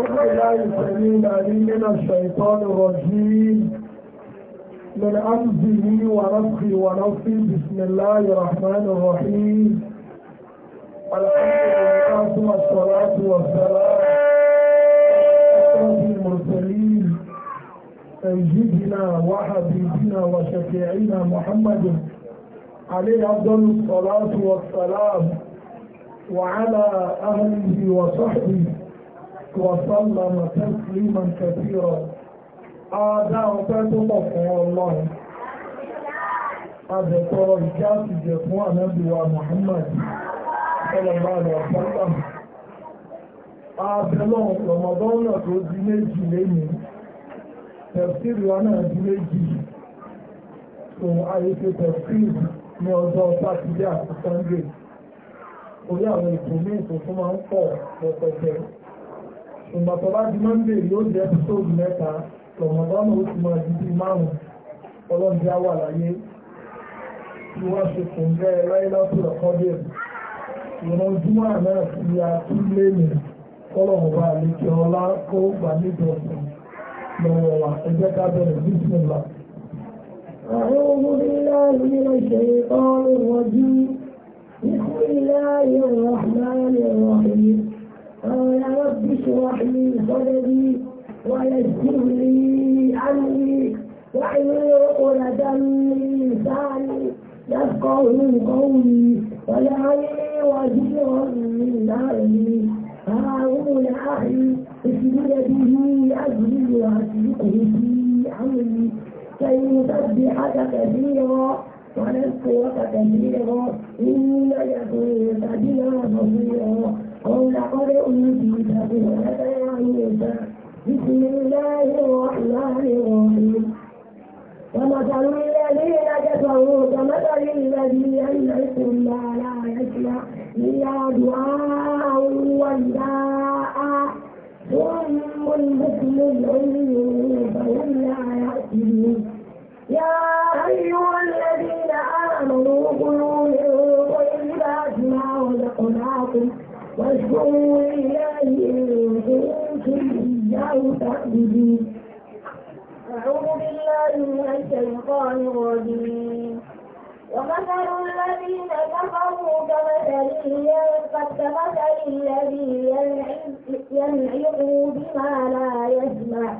أعوذ بالله السميع العليم من الشيطان الرجيم من أمزه ونفخ ونفخ بسم الله الرحمن الرحيم الحمد لله والصلاة والسلام على المرسلين سيدنا وحبيبنا وشفيعنا محمد عليه أفضل الصلاة والسلام وعلى أهله وصحبه وسلم تسليما كثيرا Adá ọpẹ́ tó pọ̀ fún Ọlọ́run. Adẹ̀tọrọ ìkẹ́ àtìjẹ̀ fún ànábìwà Muhammad Sallallahu Alaihi Wasallam. Abẹ́lọ́run Rọ̀mọ̀dọ́nà tó di méjì lẹ́yìn. Tẹ̀síìrì wa náà di méjì. Òun ayé ṣe tẹ̀síìrì ní ọjọ́ Sátidé àti Sọ́ndé. Orí àwọn ètò ní ìtòsún máa ń pọ̀ pẹ̀pẹ̀pẹ̀ ìgbàtọ̀ bá di mọ́ndé yóò jẹ́ tóògùn mẹ́ta tọ̀mọ̀tọ́nù ó ti mọ ìdíbí márùn-ún ọlọ́dún á láyé tí wọ́n ṣe kò ń bẹ́ láìlọ́tò ọ̀kọ́dẹ̀ ìrìn ojúmọ́ àná ti ya tún lé mi àlejò ọlá kó gbà nídọ̀ọ̀sán lọ́wọ́ wa ẹgbẹ́ ká bẹ̀rẹ̀ bísímìlá. أعوذ بالله من الشيطان ولدي ويسر لي أمري واحلل عقدة من لساني يفقه قولي ولعلي وزيرا من أهلي هارون أخي اسجد به أجري وأشركه في أمري كي نسبحك كثيرا ونذكرك كثيرا إنك كنت بنا بصيرا ولقد قرئ بهذا هذا عيسى بسم الله الرحمن الرحيم ومثل الذين كفروا كمثل الذي ينعس ما لا يسمع إلا دعاء ونداء صم بكم عمي فهم لا يأتون يا أيها الذين آمنوا كلوا من طيبات ما رزقناكم واشكروا لله إن كنتم إياه أعوذ بالله من الشيطان ومثل الذين كفروا كمثل كمثل الذي ينعق بما لا يسمع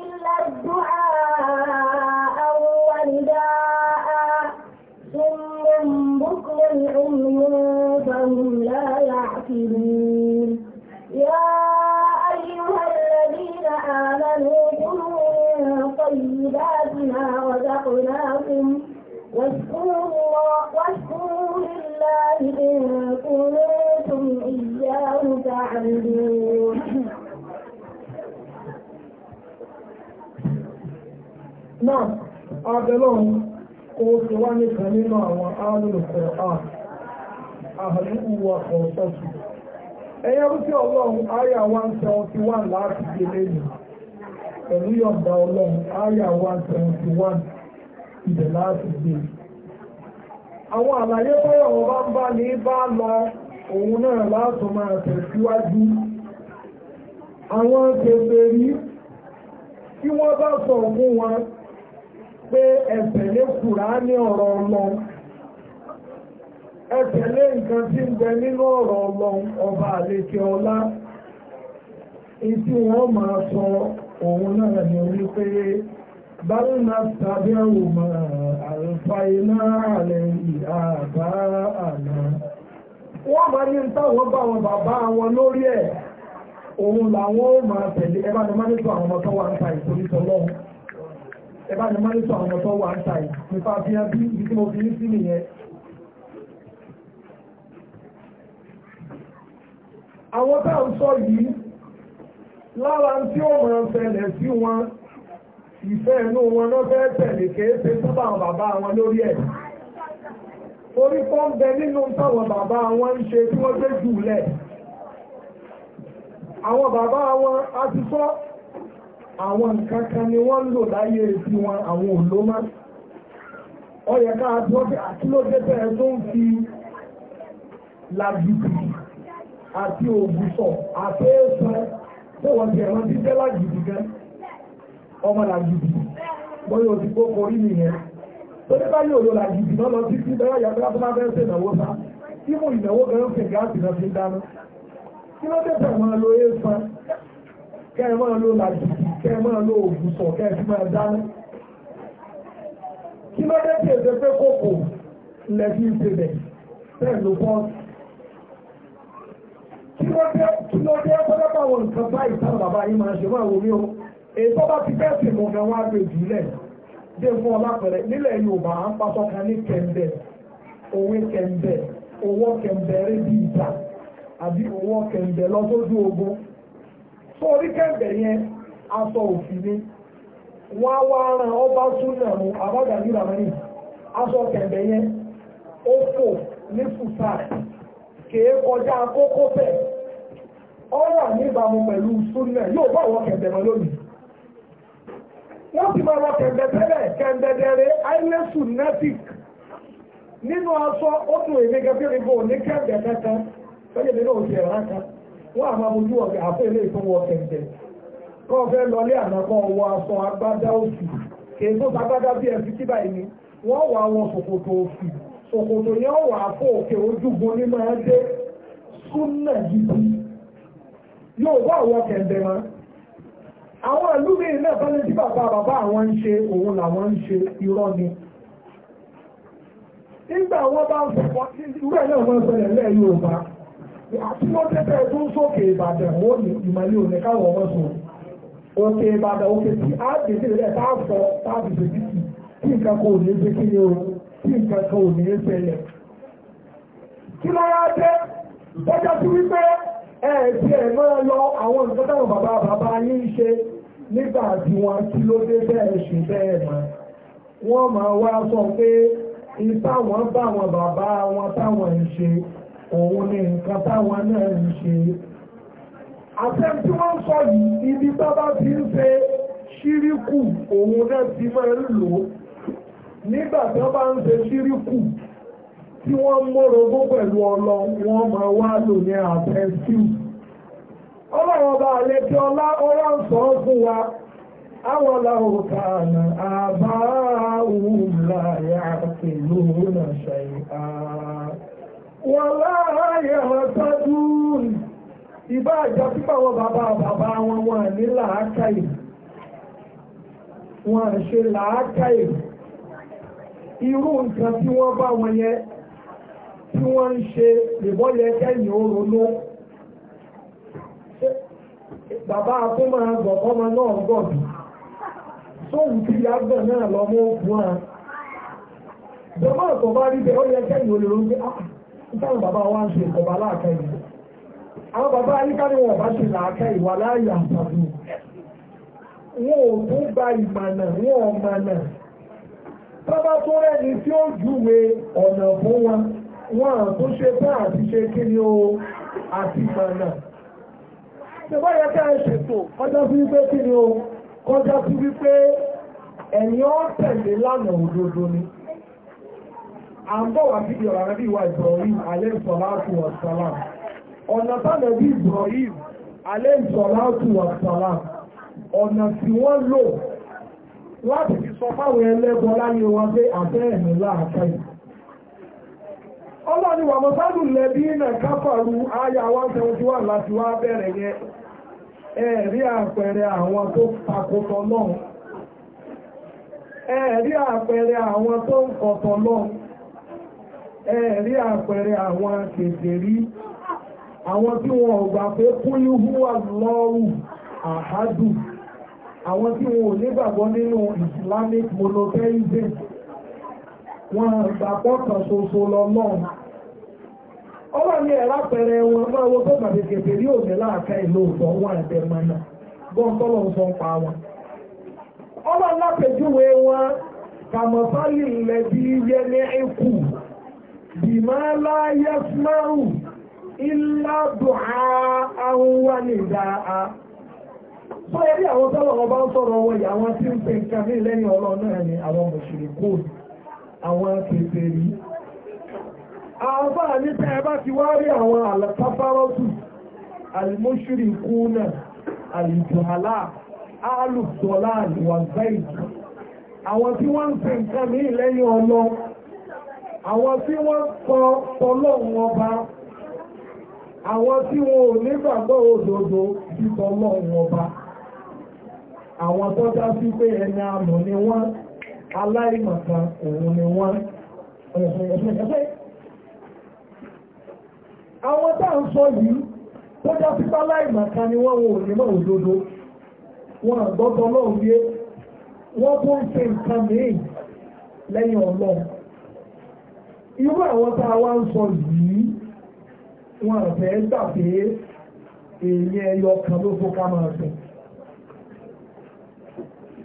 إلا الدعاء ونداء سم بكم الكافرين يا أيها الذين آمنوا كلوا من طيبات ما رزقناكم واشكروا لله إن كنتم إياه تعبدون náà abẹ́lọ́run kó ti wá nìkan nínú àwọn alùpùpù àà àhàlùkù wa ọ̀sọ́sù ẹ̀yẹ́ ó sí ọlọ́run àyà 171 láti gbé lẹ́yìn pẹ̀lú yọ̀ǹda ọlọ́run àyà 171 ibẹ̀ láti gbé àwọn àlàyé bọ́yọ̀ wọn bá ń bá ní bá lọ òun náà láti máa tẹ̀síwájú àwọn kèfèrí tí wọ́n bá sọ fún wọn pé ẹ̀sẹ̀ lé kùrá ní ọ̀rọ̀ ọlọ́run ẹ tẹ̀lé nǹkan tí ń bẹ nínú ọ̀rọ̀ ọlọ́run ọba àlejò ọlá ìtí wọ́n máa sọ òun náà ní wípé báwọn tàbí àwọn àlùfà iná àlẹ́ àbá àná wọ́n máa ní táwọn bá wọn bàbá wọn lórí ẹ̀ òun làwọn ó máa tẹ̀lé ẹ bá ní má nítorí àwọn ọmọ tó wà ń ta ẹ bá ní má nítorí àwọn ọmọ tó wà ń ta àwọn tá à ń sọ yìí lára tí ó mọ̀ ṣẹlẹ̀ sí wọn ìfẹ́ inú wọn ló fẹ́ tẹ̀lé kéése sábà àwọn bàbá wọn lórí ẹ̀ orí kan bẹ nínú táwọn bàbá wọn ń ṣe tí wọ́n gbé jù lẹ̀ àwọn bàbá wọn a ti sọ àwọn nǹkan kan ni wọ́n ń lò láyé sí wọn àwọn òlómá ọ̀yẹ̀ká àti wọ́n fi àtúlójẹ́tẹ̀ tó ń fi làjùkù àti ògùsọ̀ àti ẹ̀sán tó wọ́n ti ẹ̀rọ ti jẹ́ lágìdì gan ọmọ làgìdì bóyá o ti kó korí nìyẹn tó ní báyìí òyò làgìdì náà lọ sí sí bẹ́ẹ̀ yàtọ̀ láti máa fẹ́ ṣe ìnáwó sá tí mo ìnáwó gan ń fẹ̀ gáàsì náà fi dáná kí ló dé fẹ́ máa lo ẹ̀sán kẹ́ ẹ máa lo làgìdì kẹ́ ẹ máa lo ògùsọ̀ kẹ́ ẹ fi máa dáná kí ló dé tí èdè pé kòkò lẹ́sìn ìṣẹ̀lẹ̀ bẹ́ẹ̀ ló pọ́ọ̀sì ló dé kí ló dé pọ́lọ́pọ̀ àwọn nǹkan báyìí táwọn bàbá yìí máa ṣe o ètò bá ti fẹ́ sì mọ̀ gan wá gbé jùlẹ̀ dé fún ọlápẹ̀rẹ̀ nílẹ̀ Yorùbá à ń pasọ́ kan ní kẹ̀ǹbẹ̀ òwe kẹ̀ǹbẹ̀ owó kẹ̀ǹbẹ̀ rẹ̀ bí ìta àbí owó kẹ̀ǹbẹ̀ lọ́sọ́dún ogun tó orí kẹ̀ǹbẹ̀ yẹn aṣọ òfin ni wọ́n á wá ran ọba súnà mu àbájáde ìrànlẹ́ aṣọ kẹ̀ǹbẹ̀ yẹn ó fò ní fùsà kèé kọjá kókó bẹ́ẹ̀ ó wà pẹ̀lú súnlẹ̀ yóò bá wọ kẹ̀ǹdẹ̀ mọ́ lónìí wọ́n ti máa wọ kẹ̀ǹdẹ̀ tẹ́lẹ̀ kẹ̀ǹdẹ̀dẹ̀rẹ̀ ailesu netic nínú aṣọ ó èmi gẹ́gẹ́ bí bò ní kẹ̀ǹdẹ̀ mi náà wọ́n ọ̀gẹ̀ àfẹ́ ilé kẹ̀ǹdẹ̀ kọ́ fẹ́ lọlé wọ aṣọ òsì bí ni wọ́n wà wọn òsì yẹn wà fún yóò bá àwọn kẹ̀ǹdẹ̀ wọn àwọn ìlú mi náà lè bàbá bàbá àwọn ń ṣe òun làwọn ń ṣe irọ́ ni nígbà wọn bá ń sọ̀kọ́ irú náà wọ́n sọ̀rọ̀ lẹ́ Yorùbá àti tẹ́tẹ́ tó ń sókè Ìbàdàn wọ́n ní ìmọ̀lẹ́ òní káwọn wọ́n sọ òkè Ìbàdàn òkè tí a gbèsè rẹ̀ tá a fọ tá tí nǹkan ò ní ṣe kí o tí ẹ̀ẹ́sì ẹ̀ máa lọ àwọn nǹkan táwọn bàbá bàbá yín ń ṣe nígbà tí wọ́n kí ló dé bẹ́ẹ̀ ṣù bẹ́ẹ̀ mọ́ wọ́n máa wá sọ pé ipá wọn bá wọn bàbá wọn táwọn ń ṣe òun ni nǹkan táwọn náà ń ṣe àtẹ́m tí wọ́n ń sọ yìí ibi bábá ti ń ṣe ṣíríkù òun náà ti máa ń lò nígbà tí wọ́n bá ń ṣe ṣíríkù tí wọ́n mórogún pẹ̀lú ọlọ wọ́n máa wá lò ní àtẹ́sí ọlọ́run ọba ọlá ọlá ń sọ fún wa àwọn làwọn kàánà àbá òun láyà pẹ̀lú náà ṣàyè wọ́n láyà sájú ìbá àjọ pípa wọn bàbá bàbá wọn wọn ní làákàyè wọn ṣe làákàyè irú nǹkan tí wọ́n bá wọn yẹn tí wọ́n ń ṣe ìbọ́lẹ̀ kẹ́yìn oronú bàbá tó máa gbọ̀ ọmọ náà gbọ̀bì sóhùn tí yàgbọ̀n náà lọ mọ́ fún wa jọba ọ̀tọ̀ bá rí bẹ́ẹ̀ ó yẹ kẹ́yìn olèrò ń gbé ìtàn bàbá wa ń ṣe ìkọ̀bà láàkẹ́yìn àwọn bàbá ayíká ni wọ́n bá ṣe làákẹ́ ìwà láàyè àtàbí wọn ò tún gba ìmọ̀nà wọn ò mọ̀nà tọ́bá tó rẹ̀ ní tí ó júwe ọ̀nà fún wọn wọn tó ṣe tán àti ṣe kí ni o àti ìmọ̀nà ṣùgbọ́n yẹ kí ẹ ṣètò kọjá sí wípé kí ni o kọjá sí wípé ẹ̀yìn ọ́ tẹ̀lé lánàá òdodo ni à ń bọ̀ wá síbi ọ̀rọ̀ àbí ìwà Ibrahim alẹ́ ìsọ̀lá àti wàsálà ọ̀nà tánà bí Ibrahim alẹ́ ìsọ̀lá àti wàsálà ọ̀nà tí wọ́n lò láti fi sọ fáwọn ẹlẹ́gbọ́n láyé wa pé àfẹ́ ẹ̀mí láàkáyìí ọlọ́ni wà mọ́sálù lẹ́bí nà káfàrú àyà 171 láti wá bẹ̀rẹ̀ yẹn ẹ̀rí àpẹẹrẹ àwọn tó takòtọ̀ náà ẹ̀rí àpẹẹrẹ àwọn tó ń kọ̀tọ̀ náà ẹ̀rí àpẹẹrẹ àwọn kèfèrí àwọn tí wọn gbà pé kúlú húwà lọ́rù àhádù àwọn tí Islamic monotheism wọn àgbàpọ̀ kan ṣoṣo lọ́lọ́run ọlọ́run ní ẹ̀rá pẹ̀rẹ̀ wọn máa wo ọ màdé kèfè ní òní láàká ìlú ọ ọ àwọn nìdáa sọ yẹ bí àwọn tọ́lọ̀ ọba ń sọ̀rọ̀ wọn yà tí ń pè nǹkan ní lẹ́yìn àwọn akẹ́kẹ́ rí àwọn bá ní tẹ́ ẹ bá ti wá rí àwọn àlàkáfárọ́sù alìmọ́ṣúrì kúnà àlìjọ̀hálà alùsọ̀lá àlìwàzáì àwọn tí wọ́n ń ṣe nǹkan ní ìlẹ́yìn ọlọ àwọn tí wọ́n sọ tọlọ́hun ọba àwọn tí wọn ò nígbàgbọ́ òdodo sí tọlọ́hun ọba àwọn tó dá sí pé ẹni àmọ̀ ni wọ́n aláìmọ̀kan òun ni wọ́n àwọn tá à ń sọ yìí tó já sí aláìmọ̀kan ni wọ́n wò ní mọ̀ òdodo wọn àgbọ́tọ̀ lọ́wọ́ yé wọ́n tó ń ṣe nǹkan mìíràn lẹ́yìn ọlọ́run irú àwọn tá a wá ń sọ yìí wọn àfẹ́ gbà pé èèyàn ẹyọ kan ló fọ́ ká máa sùn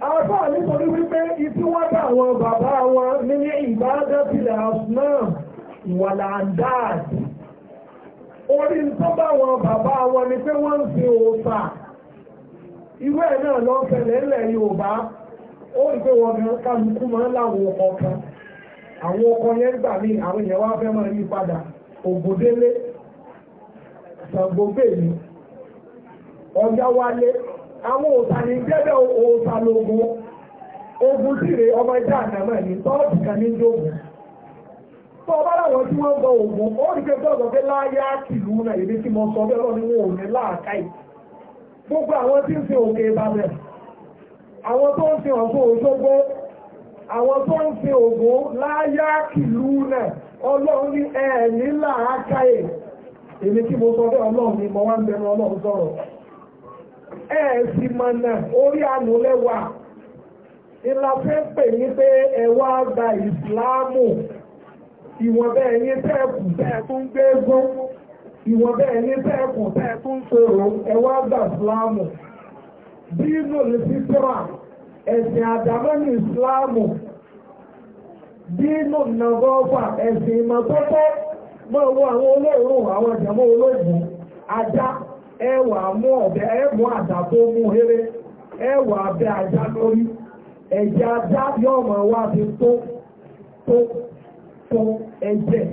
àbá nítorí wípé ibi wọ́n bá àwọn bàbá wọn nílé ìbádẹ́bìlẹ̀ asnam ìwàlà àdáàdì orí tó bá àwọn bàbá wọn ni pé wọ́n ń fi òòfà ìwé náà lọ fẹlẹ̀ ńlẹ̀ Yorùbá ó rí pé wọn kan kálukú máa ń láwọn ọkọ kan àwọn ọkọ yẹn gbà mí àwọn èèyàn wá fẹ́ máa yí padà Ògòdélé Ṣàngógbèmí Ọ̀yáwálé àwọn òòsà ní jẹ́bẹ̀ òòsà lógún ogun síre ọmọ ẹja àtàmà ẹ̀mí tọ́ọ̀tì kan ní jógun tó ọba láwọn tí wọ́n gbọ́ ogun ó rí pé pé sọ bẹ́ẹ̀ lọ́ni wọn ò ní gbogbo àwọn tí ń fi òkè àwọn tó ń fi Òṣogbo àwọn tó ń fi náà ọlọ́run ní sọ bẹ́ẹ̀ ọlọ́run ni mo wá ń bẹnu ẹ̀ẹ̀sì mọ̀nà orí àánú lẹ́wà ìlà fẹ́ pè ní pé ẹ wá gba ìsìláàmù ìwọ̀n bẹ́ẹ̀ ní tẹ́ẹ̀kù bẹ́ẹ̀ tún gbégún ìwọ̀n bẹ́ẹ̀ ní tẹ́ẹ̀kù bẹ́ẹ̀ tún sòrò ẹ wá gba ìsìláàmù dínú lè fi tíra ẹ̀sìn àdámọ́ ní ìsìláàmù dínú nàgọ́fà ẹ̀sìn ìmọ̀tọ́tọ́ mọ́ owó àwọn olóòrùn àwọn ìjàmọ́ olóògùn ajá ẹwà wà mú ọ̀bẹ ẹ mú àdàbò mú héré ẹwà wà ajá ajá yọ ọmọ wa fi tó tó tó ẹ̀jẹ̀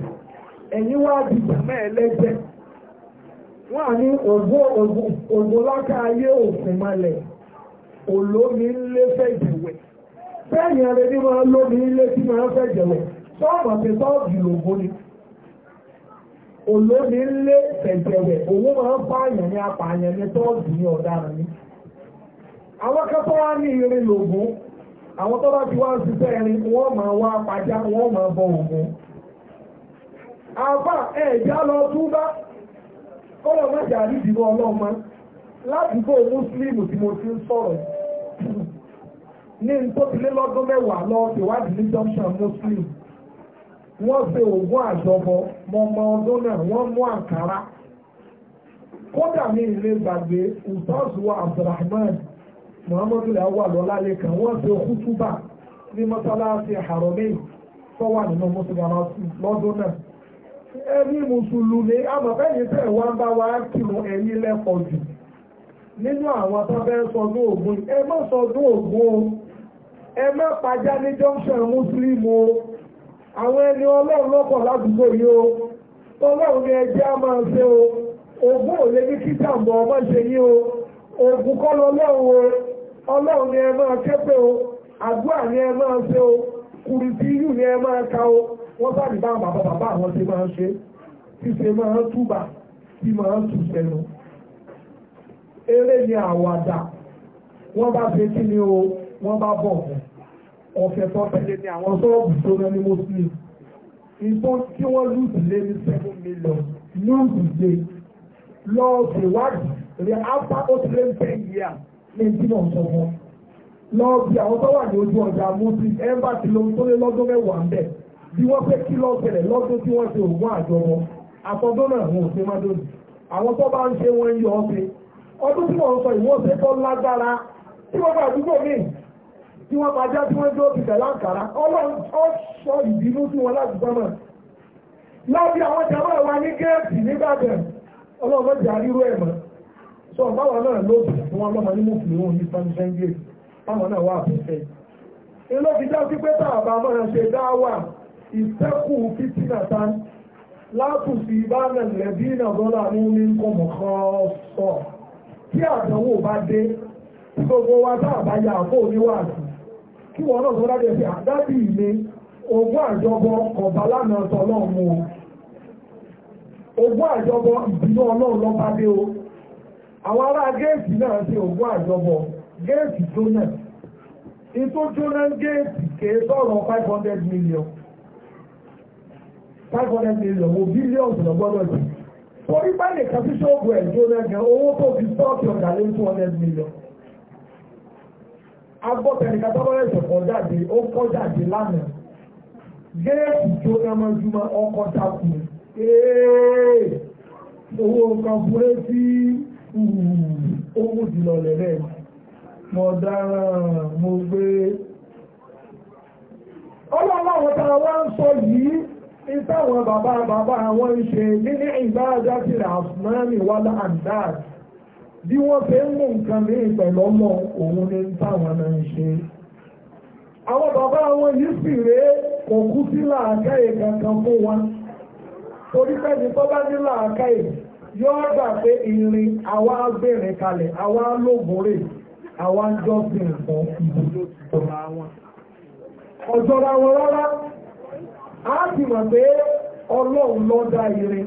ẹ̀yìn wá di jàmá ẹlẹ́jẹ̀ wọ́n à ní ògbó ògbó ayé òfin malẹ̀ olómi ńlé fẹ́ jẹ̀wẹ̀ máa lómi ńlé olóde ńlé tẹ̀tẹ̀wẹ̀ òun máa ń pààyàn ní apààyàn ní tọ́ọ̀dù ní ọ̀daràn ní. àwọn kẹfọ́ wa ní irin lògùn àwọn Tọ́lá bá ti wá ṣiṣẹ́ irin wọ́n máa wá pàjá wọ́n máa bọ ògùn. àbá ẹ̀já lọ túbá kọ́lọ̀ má jà rí ìdìbò ọlọ́mọ ládùúgbò mùsùlùmí tí mo ti ń sọ̀rọ̀ ní n tó ti lé lọ́dún mẹ́wàá lọ́ọ́ tèwádìí ní junction mùsùlùmí wọ́n gbé ògùn àjọbọ mọ́mọ́ ọdún náà wọ́n mú àkàrà kódà ní ilé gbàgbé ìtọ́sùwọ̀ Abdulrahman Muhammadu làwà lọ́lálẹ́ kan wọ́n ṣe kútúbà ní mọ́sálásí haromi tó wà nínú mùsùlùmí lọ́dún náà ẹni mùsùlùmí àmọ̀bẹ́yìn tẹ̀ wá ń bá wa kírun ẹ̀yìn lẹ́kọ̀ọ́ jù nínú àwọn tó fẹ́ sọdún ògùn ẹ má sọdún ògùn o ẹ má pàjá ní junction muslim o àwọn ẹni ọlọ́run lọ́pọ̀ ládùúgbò yìí o ọlọ́run ni ẹjẹ́ á máa ṣe o ogún ò lè ní kí jàǹbọ̀ ọmọ ṣe yí o ogun kọ́ lọ́lọ́run o ọlọ́run ni ẹ máa ké pé o àdúrà ni ẹ máa ṣe o kùrìtì yù ni ẹ máa ka o wọ́n sáàdì bá bàbá bàbá àwọn ṣe máa ṣe tí ṣe máa túbà tí máa tù sẹ́nu eré ni àwàdà wọ́n bá ṣe kí ni o wọ́n bá bọ̀ fún un ọ̀fẹ́ tó tẹ̀lé ní àwọn sọ́ọ̀bù tó rẹ ní muslim ìbò tí wọ́n lùdì lé ní seven million lùdì lé lọ́ọ̀sì wádìí rẹ̀ after ocean ten year ní ìdílé ọ̀sán wọn lọ́ọ̀bì àwọn tó wà ní ojú ọjà muslim embassy lóhun tó lé lọ́dún mẹ́wàá ń bẹ̀ bí wọ́n fẹ́ kí lọ́ọ̀ ṣẹlẹ̀ lọ́dún tí wọ́n ṣe òògùn àjọ wọn àtọ́jọ́ náà wọn ò ṣe má dóni àwọn tó bá ń ṣe wọn yọ ọ́ pé ọdún tí wọ́n sọ ìwọ́sẹ̀ tó lágbára tí wọ́n bá àdúgbò míì tí wọ́n pàjá tí wọ́n dúró bìtẹ̀ láǹkàrá ọlọ́run ó sọ ìbínú sí wọn láti sọ́mọ̀ láti àwọn jàmọ́ wa ní géètì nígbàdàn ọlọ́run ọjà rírú ẹ̀ mọ́ sọ báwọn náà lóbi fún wọn lọ́mọ nínú fìlú òun ní sanfẹ́n géètì báwọn náà wà àbẹ̀fẹ́ ilé ti já sí pé tá àbá máa ṣe dá wà ìtẹ́kù fìtínà tán látùsí ìbáná lẹ́bí náà lọ́la ní omi ń kọ́ mọ̀kọ́ sọ tí àdánwò bá dé tí gbogbo wa tá àbáyà àpò oníwàásù kí wọ́n náà sọ́dá jẹ́ sí àdábì ilé ogún àjọbọ ọ̀bá lánàá sọ ọlọ́run mu ogún àjọbọ ìbínú ọlọ́run lọ́pàá dé o àwọn ará géètì náà ṣe ogún àjọbọ géètì jóná ètò jóná géètì kèé sọ̀rọ̀ five hundred million five hundred million wo bílíọ̀nù lọ́gbọ́dọ̀ sí torí bá lè kàfíṣọ́ọ̀bù ẹ̀ jóná gan owó tó fi sọ́ọ̀kì ọ̀gá lé two hundred million agbọ́tẹnìkan tó bọ́lá ìṣẹ̀ kọ́ jáde ó kọ́ jáde lánàá géètì tí ó dáná júmọ́ ọkọ̀ takùn ee owó nǹkan fúré sí owó ìdìlọ̀lẹ̀ rẹ̀ mo dáràn mo gbé ọlọ́lọ́wọ́ tá a wá ń sọ yìí ìtàwọn bàbá bàbá àwọn ìṣe níní ìbáradá ti rà àfúnáàmì wálá àndáàdì bí wọ́n fẹ́ ń mú nǹkan mìíràn pẹ̀lú ọmọ òun ni táwọn náà ń ṣe àwọn bàbá wọn yìí sì rèé kò kú kankan fún wa torí pẹ́ni tó bá ní gbà pé irin àwa gbèrè kalẹ̀ àwa lóògùn rè àwa wọn ọ̀jọ̀ra wọn rárá a sì mọ̀ pé ọlọ́run irin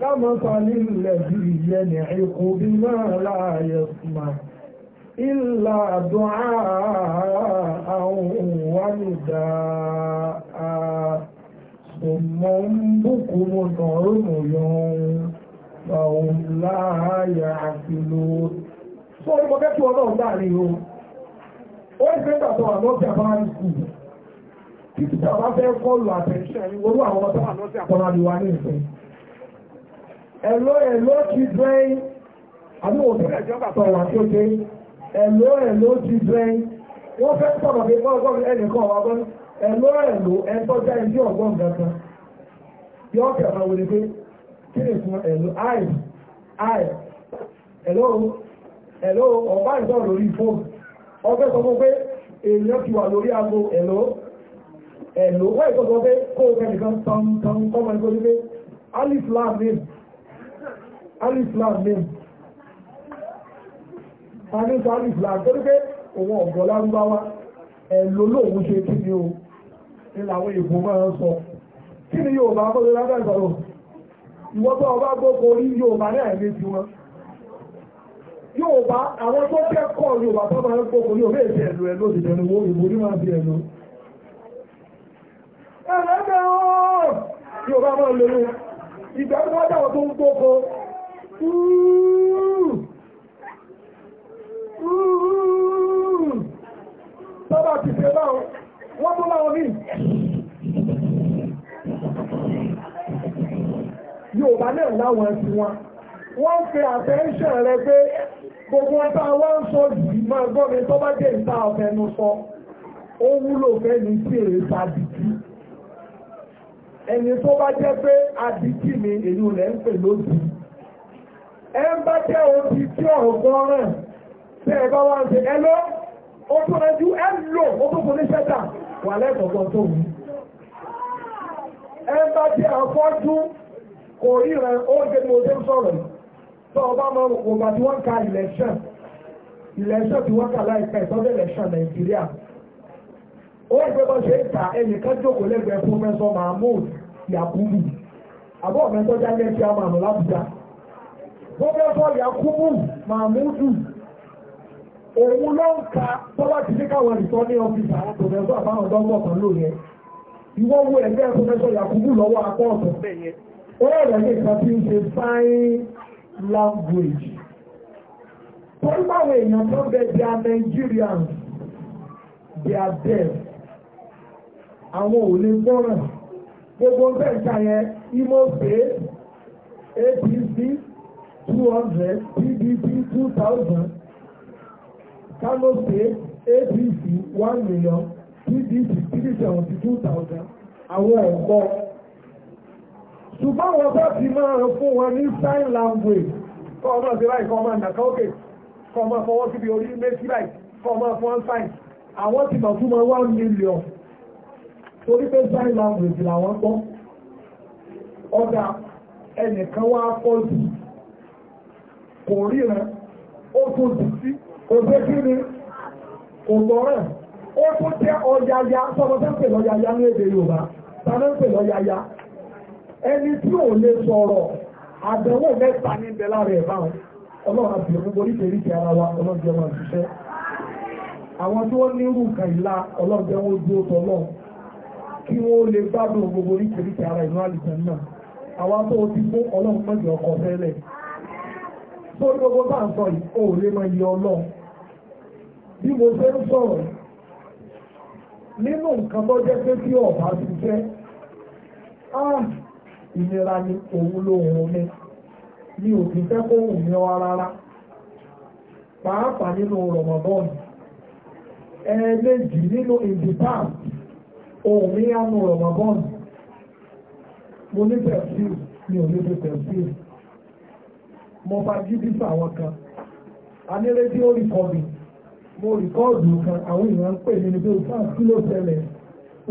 كمثل الذي ينعق بما لا يسمع إلا دعاء ونداء ثم بكم عمي فهم لا يعقلون sọ́rí mo kẹ́kí ọlọ́run láàrin o ó ń fẹ́ gbàtọ̀ àwọn ọ̀sẹ̀ àbáwárí skul títí tí àwọn kọlù àtẹ̀ṣẹ́ ìwọ́rú àwọn ọmọ tó wà lọ́sẹ̀ àbáwárí wa ní ìfẹ́ Hello, hello children. Àbí òun fẹ́rẹ̀ jọ́ bàtọ̀ wà tó dé. Hello, hello children. Wọ́n fẹ́ sọ̀rọ̀ bí gbọ́gbọ́n ẹnìkan wà bọ́. Hello, hello ẹ̀tọ́ jẹ́ ẹni ọ̀gbọ́n gangan. Yọ́ kẹ̀mọ̀ wèrè pé kí ni fún hello I I hello hello ọ̀bá ìsọ̀rọ̀ lórí fóònù. Ọgbẹ́ sọ hello hello wọ́n ìtọ́sọ pé kó o kẹ́ nìkan tán tán kọ́mọ ìkọ́jú pé alif lam name aliflam name ta ní sọ aliflam torí pé òun ọ̀gọ́ lárúbáwá ṣe kí ni o máa ń sọ kí ni yóò bá lábẹ́ ìsọ̀rọ̀ tó ọba orí yóò bá ní àìlé ti wọn yóò bá àwọn tó kẹ́kọ̀ọ́ yóò bá tó máa ń ìbò ní máa fi yóò bá máa ìgbà tó wájà tó ń Tọ́bà ti fẹ́ báwọn, wọ́n tó láwọn ní. Yorùbá náà láwọn ẹ̀sìn wọn. Wọ́n fi àtẹ́ńṣẹ̀ rẹ pé gbogbo ọ̀tá wọ́n ń sọ yìí máa gbọ́ mi tó bá jẹ́ ìta ọ̀fẹ́nu sọ. Ó wúlò fẹ́ ní sí èrè tàbí ẹni tó bá jẹ́ pé àdìkì ni èyí ò lẹ́ ń pè lójú ẹ ń bá jẹ́ odi tí ọ̀rọ̀ gan-an tẹ́ ẹ bá wá ń ṣe ẹ lọ ó tó ẹjú ẹ lò ó tó kò ní ṣẹ́dà wà lẹ́gbọ̀gbọ̀ tó wù ẹ ń bá jẹ́ àfọ́jú kò ríran ó gẹ́ ní ojú sọ̀rọ̀ tó ọba mọ ògbà tí wọ́n ka election election tí wọ́n kà láìpẹ́ ìtọ́jú election Nàìjíríà ó gbé bọ́ ṣe ń ta ẹnìkan jókòó lẹ́gbẹ̀ẹ́ Professor Mahmood Yakubu àbọ̀ mẹ́tọ́jà lẹ́sí àmàlù lábújá gẹ́gẹ́ bọ́ Yakubu Mahmudu òun ló ń ka tọ́lá ti níkàwọ̀ ìtọ́ ní ọ́fíìsì àwọn pòfẹ́sọ́ àbáwọn dọ́gbọ̀n kan ló yẹ ìwọ́n wo ẹgbẹ́ pòfẹ́sọ́ Yakubu lọ́wọ́ apọ́ ọ̀tọ̀ ó rẹ̀ ní ìkan imo state apc two hundred PDP two thousand Kano State APC one million PDP three seventy two thousand àwọn ẹ̀gbọ́. ṣùgbọ́n wọn bá ti máa fún wọn ní sign language kọ́ ọmọ sí láì kọ́ ọmọ nàkà òkè kọ́ ọmọ fọwọ́ síbi orí méjì láì kọ́ ọmọ fọ́n sign àwọn ti mọ̀ túmọ̀ one million torí pé sign language làwọn gbọ́ ọ̀dà ẹnìkan wá pọ̀ jù kò ríran ó tó dì sí kò gbé kí ni kò lọ́rẹ̀ ó tó jẹ́ ọ̀yàyà sọ́dọ̀ tó ń pè lọ́yàyà ní èdè Yorùbá ta ló ń pè lọ́yàyà ẹni tí ò lè sọ̀rọ̀ àdánwò mẹ́ta ní bẹ lára ẹ̀ báwọn ọlọ́run àti òun borí kèríkè ara wa ọlọ́run jẹ́ wọn ṣiṣẹ́ àwọn tí wọ́n ní irú nǹkan ìlà ọlọ́run jẹ́ wọn ojú ọ̀tọ̀ àwọn tó ti fún ọlọ́run mọ́jọ ọkọ̀ fẹ́lẹ̀ tó gbogbo bá ń sọ yìí ó lè máa yẹ ọlọ́run bí mo ṣe ń sọ̀rọ̀ nínú nǹkan tó jẹ́ pé bí ọ̀bá ti jẹ́ ìnira ni òun lóhun mi mi ò kì í fẹ́ kóhùn mi wá rárá pàápàá nínú rọ̀mọ̀bọ́ọ̀nù ẹ̀ẹ́mẹ́jì nínú ìdìpáà ohun mi á nu mo ní pẹ̀síù mi ò ní pẹ̀síù mo bá jíjí fún àwọn kan a ní rédíò rìkọ́dù mo rìkọ́dù kan àwọn èèyàn ń pè mí ní pé o fáà kí ló ṣẹlẹ̀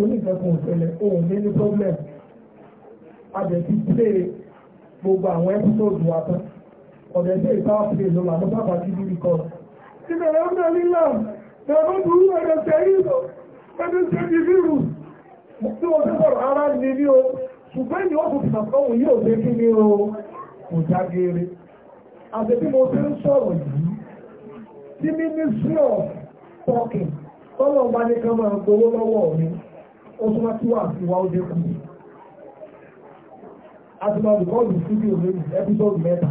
oníkankan ò ṣẹlẹ̀ ohun mi ní problem a bẹ̀ ti pé gbogbo àwọn ẹ́písọ́ọ̀dù wa tán ọ̀dẹ̀ tí ìta pè lọ́la ló bá bá jíjí rìkọ́dù. ìbẹ̀rẹ̀ ń bẹ̀ nílà ẹ̀rọ burú ẹ̀rọ tẹ̀yìn lọ ẹni tí ti rírù tí wọ́n ti sọ̀rọ̀ ara ní ní o ṣùgbọ́n ìyọ́kùn ti sàkọ́wò yóò dé kí ní o kò jágere àti bí mo ti ń sọ̀rọ̀ yìí tí ministry of talking tọ́lọ̀ bá ní ká máa gbowó lọ́wọ́ mi ó súnmọ́ tí wà sí wa ó dé kù àti máa lùkọ́ lù studio lórí episode mẹ́ta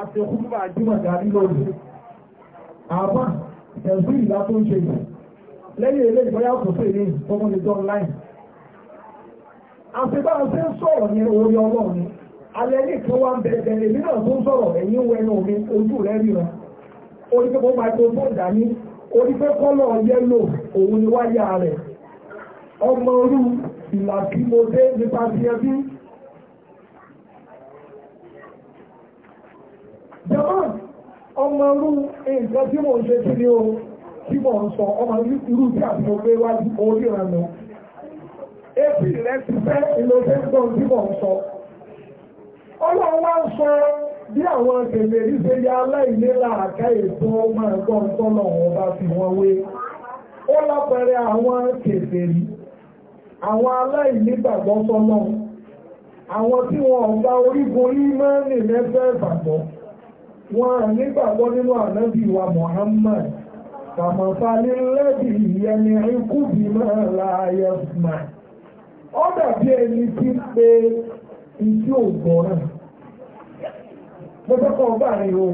àti òkúkú máa jí màgà nílò rẹ̀ àbá ẹ̀sùn ìlà tó ń ṣe yìí lẹ́yìn ilé ìgbọ́yà kò sí ní tọmọdé online àti bá a ṣe ń sọ̀rọ̀ ní orí ọlọ́run alẹ́ ní kan wá ń èmi náà tó ń sọ̀rọ̀ ẹ̀yìn wẹnu mi ojú rẹ̀ ríran orí pé mo microphone dání orí pé kọ́lọ̀ yẹ́lò òun ni wáyà rẹ̀ ọmọ orú ìlà tí mo dé nípa ti ẹbí. jọ̀wọ́n ọmọ orú nǹkan tí mò ń ṣe sí ni o tí mò ń sọ ọmọ irú tí àti mo gbé wájú orí ìrànà. Èpì rẹ̀ ti fẹ́ ìlọ́sẹ̀ tí mò ń sọ ọlọ́run wá ń sọ bí àwọn tèlè rí ṣe yá aláìlera àká ètò ọmọ ẹ̀kọ́ ìtọ́lọ̀ wọn bá fi wọn wé ó lápẹẹrẹ àwọn tèlè rí àwọn aláìnígbàgbọ́ sọ́nà àwọn tí wọn gba orígun ìmọ̀ọ́nì lẹ́fẹ́ ìgbàgbọ́ wọn nígbàgbọ́ nínú ànábì wa Muhammad kàmọ̀fàlì lẹ́bì ìyẹni ikú bí máa la ayẹ́ fún mi ó dàbí ẹni tí pé ìdí ògbọ̀n náà mo fẹ́ kọ́ ọgbà rẹ̀ o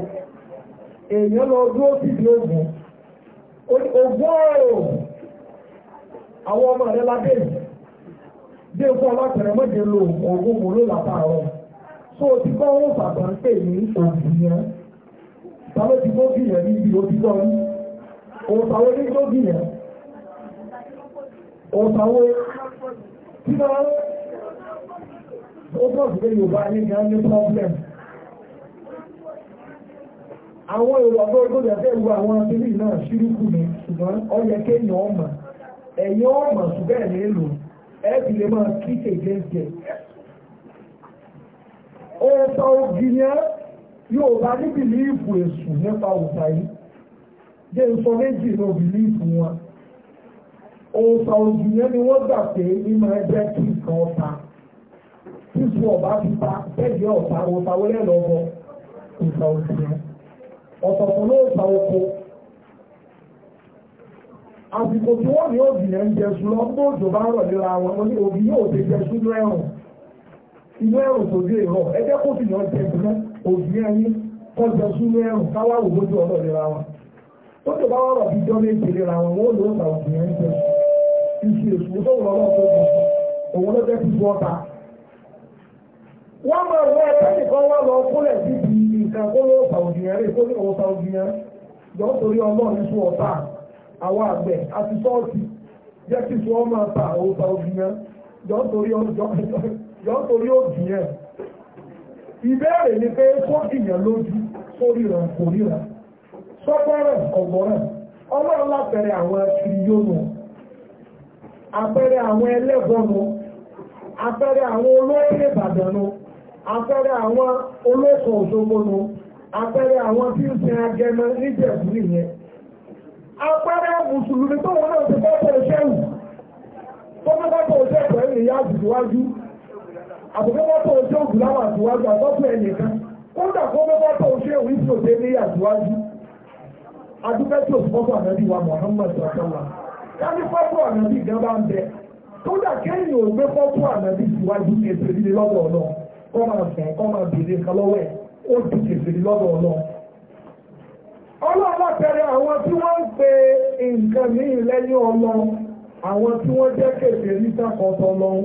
èèyàn lọ dúró síbi ogun ogun ooo àwọn ọmọ rẹ̀ lábẹ́ yìí bí ikú ọlọ́pẹ̀rẹ̀ mọ́jẹ lo ogun mò ló látàárọ̀ tó o ti kọ́ ohun fàgbà ń pè ní ogun yẹn ta ló ti gbógi yẹn níbi òtítọ́ yìí òǹtàwó ní gbógi yẹn òǹtàwó kí náà ó pọ̀ sí pé Yorùbá ní gan ní problem àwọn èrò ọ̀dọ́ tó jẹ́ fẹ́ wu àwọn abílì náà ṣírúkù ni ṣùgbọ́n ó yẹ kéèyàn ọmọ ẹ̀yìn ọmọ ṣùgbọ́n ẹ̀ nílò ẹ̀ sì lè máa kí kéèké jẹ ó sọ gíníà Yorùbá ní bìlíìfù èṣù nípa òòtà yìí jẹ́ ń sọ méjì ní bìlíìfù wọn òòtà òògùn yẹn ni wọ́n gbà pé ní máa jẹ́ kí títí ọba fífa tẹ́jì ọ̀tá ọ̀tá wọlé lọ́wọ́ ìfà òsì ọ̀tọ̀tọ̀ ló ta oko àsìkò tí wọ́n ní òbí yẹn ń jẹsùn lọ tó òjò bá rọ̀ níra wọn ní òbí yóò ti jẹsùn ní ẹ̀rùn inú ẹ̀rùn tó dé ìrọ̀ ẹgbẹ́ kó sì yàn jẹsùn náà òbí yẹn ní kọ́ jẹsùn ní ẹ̀rùn káwá wò lójú ọ̀rọ̀ níra wọn tó òjò bá rọ̀ bí jọ́ méjì níra wọn wọ́n ló ta òbí yẹn ń jẹsùn ìṣèṣù tó rọ̀ lọ́kọ̀ọ́ wọ́n máa wọ ẹ̀tẹ́nì kan wá lọ kúnlẹ̀ síbi nǹkan kó ló òjìyàn rẹ̀ kó ní òjìyàn sàwùjìyàn jọ torí ọlọ́run sún ọ̀tá àwọn àgbẹ̀ àti sọ́ọ̀tì jẹ́ kí ọmọ òjìyàn ìbéèrè ni pé lójú sórí rẹ̀ kò ríra ọ̀gbọ́rẹ̀ àwọn àwọn àwọn olóyè Ìbàdàn àpẹẹrẹ àwọn olóòkàn òṣogbo nu àwọn tí ń sin agẹmọ níjẹ̀bú nìyẹn àpẹẹrẹ mùsùlùmí tó wọn náà ti bọ́ bọ́ tó bọ́ bọ́ ṣẹ́wù ẹ̀yìn ìyá àtìwájú àbùkọ́ kódà kó wa Muhammad sọ̀tọ́lá káni fọ́tò ànábì gan bá ń bẹ kódà kéèyàn ò gbé ànábì síwájú ètò kọ́ máa sẹ̀ kọ́ máa bèèrè kan lọ́wọ́ ẹ̀ ó ti kèfèrè lọ́dọ̀ ọlọ́run ọlọ́ọ̀lọ́pẹ̀rẹ̀ àwọn tí wọ́n ń pe nǹkan míì lẹ́yìn ọlọ́run àwọn tí wọ́n jẹ́ kèfèrè sàkọ́tọ̀ ọlọ́run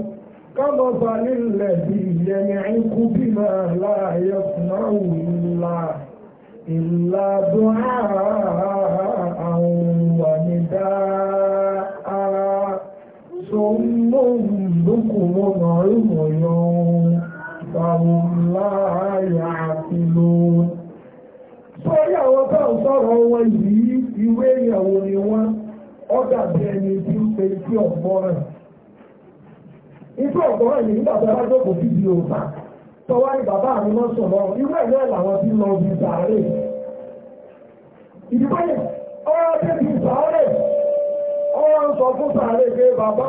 kọ́lọ́ bá nílẹ̀ bí ìyẹn ẹ̀kú bí máa láàyè fúnáwù ńlá ìlà dùn àwọn wà ní dáa sọ mọ́ òun lókùnmọ́ náà ìmọ̀ yọ̀ọ́. أكثرهم لا يعقلون sórí ya tá à ń sọ̀rọ̀ wọn yìí ìwé ìyàwó ni wọ́n ó dàbí ẹni tí ń pe ife ọ̀gbọ́ràn ife ọ̀gbọ́ràn yìí nígbà tó bá jókòó fìdí òòtà tọ́wá ní bàbá mi lọ sọ̀rọ̀ irú ẹ̀ làwọn ti lọ bí sàárè ìdíbò yìí ọ̀rọ̀ débi sàárè ọ̀rọ̀ ń sọ fún sàárè pé bàbá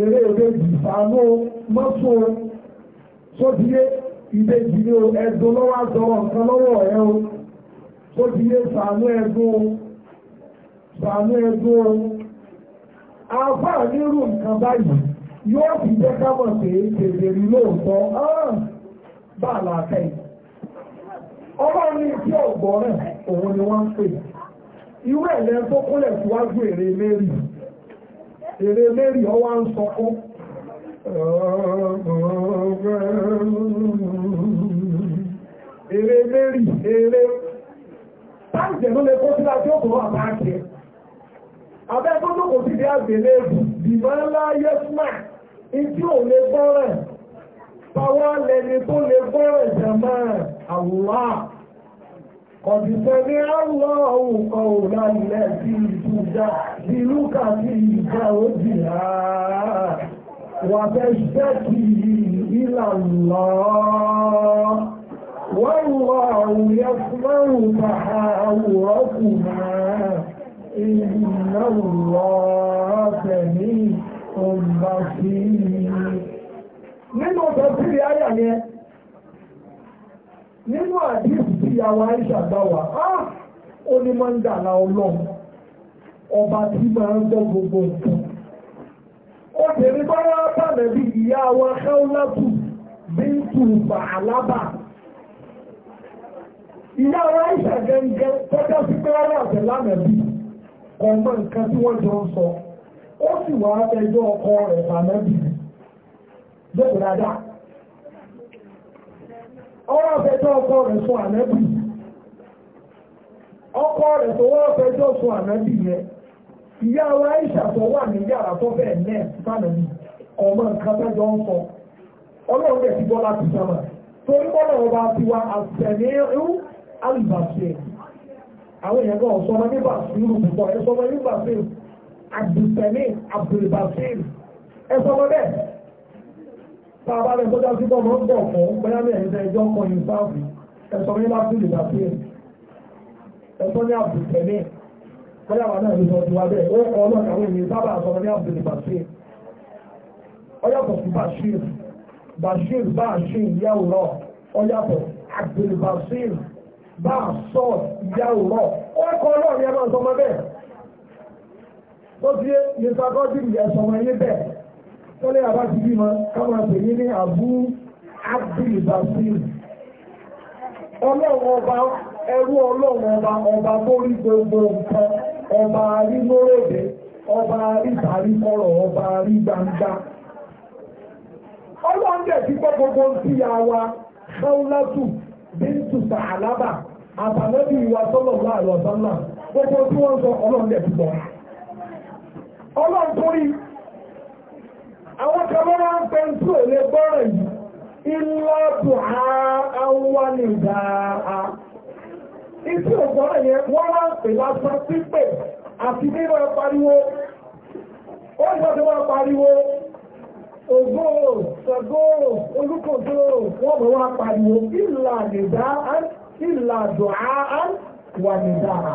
eré ìbejì ìfàánú mọ́sù sódíyé ìbejì ní o ẹ̀dùn lọ́wọ́ àjọrọ̀ nǹkan lọ́wọ́ ẹ̀ o sódíyé ìfàánú ẹ̀dùn ìfàánú ẹ̀dùn o àfáà nírú nǹkan báyìí yóò fi jẹ́ kámọ̀ pé tètè rí lóòótọ́ bá làákẹ́ yìí ọlọ́run ní ìfẹ́ ọ̀gbọ́n rẹ̀ òun ni wọ́n ń pè irú ẹ̀lẹ́ tó kúnlẹ̀ síwájú èrè mẹ́rin èrè lérí ọwá ń sọ fún èrè lérí èrè táìjẹ̀ ló lè kó sí láti ọkọ̀ àbáàkẹ́ abẹ́gbọ́n tó kò sí dé àgbèlé dìmọ́ ńlá yẹ́sùmá ìtí ò lè gbọ́rẹ̀ pàwọ́ lẹ́ni tó lè gbọ́rẹ̀ jàmáà àwòrán قد سمع الله قول التي تجادلك في زوجها وتشتكي إلى الله والله يسمع تحاوركما إن الله سميع بصير nínú tẹ̀síri ayà yẹn nínú àdíf ìyá wa Aisha gbà wá ah! ó ní máa ń ọba tí máa ń gbọ́ gbogbo nǹkan obìnrin bá wá bàbẹ̀ bí ìyá wa Khawlatu bíntù Ba'laba ìyá wa Aisha gẹ́gẹ́ tọ́jọ́ sí pé wọ́n wà ọmọ nǹkan tí wọ́n jọ ń sọ ó sì wá ẹjọ́ ọkọ rẹ̀ lókùnrin ọwọ́ fẹjọ́ ọkọ rẹ̀ sùn ànábì ọkọ rẹ̀ tó wọ́n fẹjọ́ sùn ànábì ìyá wa Aisha wà ní yàrá tó bẹ́ẹ̀ ọmọ nǹkan fẹjọ́ ń sọ ọlọ́run rẹ̀ ti sábà bọ́lá ọba ti wa àtẹ̀lé ẹ̀rú àwọn èèyàn sọmọ nígbà tá a bá lẹ sọ́jà sí bọ́ọ̀mù ń bọ̀ fún bóyá ní ẹ̀yìn ẹjọ́ kan yìí sáàfì ẹ̀sọ́ ní láti lè dàbí ẹ̀ ẹ̀sọ́ ní àbùtẹ̀mí bóyá wà náà lè sọ ti wá bẹ́ẹ̀ ó kọ́ ọlọ́ọ̀nà àwọn ènìyàn sábà sọ ní àbùtẹ̀mí ọyàtọ̀ sí Bashir Bashir Bashir ìyàwó lọ ọyàtọ̀ Abdul Bashir bá a sọ ìyàwó lọ ó kọ́ ọlọ́ọ̀nà ẹ̀ máa sọ ọmọ bẹ́ẹ̀ tó ti yé yìí sàkọ́ tọ́lẹ̀ àbá ti bímọ káwọn àpèyí ní àbú abdulbasir ọlọ́run ọba ẹrú ọlọ́run ọba ọba tó rí gbogbo nǹkan ọba rí ọba rí ọba rí gbangba ọlọ́run dẹ̀ ti gbogbo sí àwa ìwà gbogbo àwọn tẹ́lọ́ máa ń pẹ́ tí gbọ́rọ̀ yìí ilọ́ tó a wà ní ìdá a ìtí ògbọ́rọ̀ yẹn wọ́n máa ń pè lásán pípè àti nínú pariwo ó ń sọ́dọ̀ pariwo ògbóòrò sọ̀gbóòrò olúkòdóòrò wọ́n mọ̀ wá pariwo ìlà nìdá á ìlà dùn á wà nìdá a.